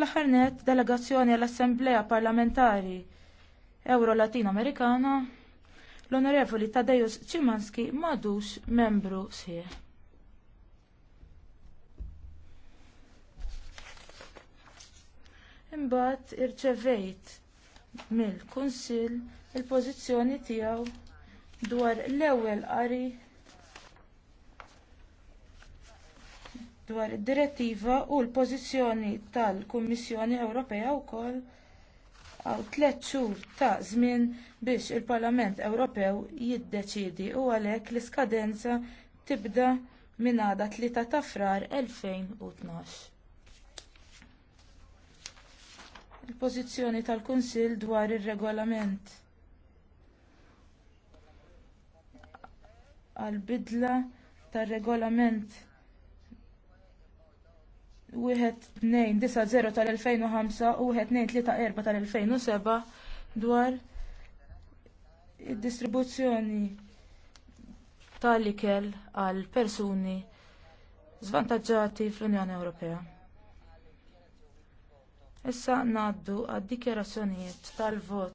Fl-aħħar net delegazzjoni għall-Assemblea Parlamentari Euro Latin Amerikana l-Onorevoli Tadejus Ċimanski madux membru sħiħ. Imbagħad irċevejt mill-Kunsill il-pożizzjoni tiegħu dwar l-ewwel qari dwar id-direttiva u l-pożizzjoni tal-Kummissjoni Ewropea wkoll għaw tliet xhur ta' żmien biex il-Parlament Ewropew jiddeċiedi u għalhekk l-iskadenza tibda minn għada 3 ta' frar 2012. Il-pożizzjoni tal-Kunsill dwar ir-regolament għal bidla tar-regolament 1290 tal-2005 u 1234 tal-2007 dwar id-distribuzzjoni tal-ikel għal persuni zvantagġati fl-Unjoni Ewropea. Issa ngħaddu għad dikjarazzjonijiet tal-vot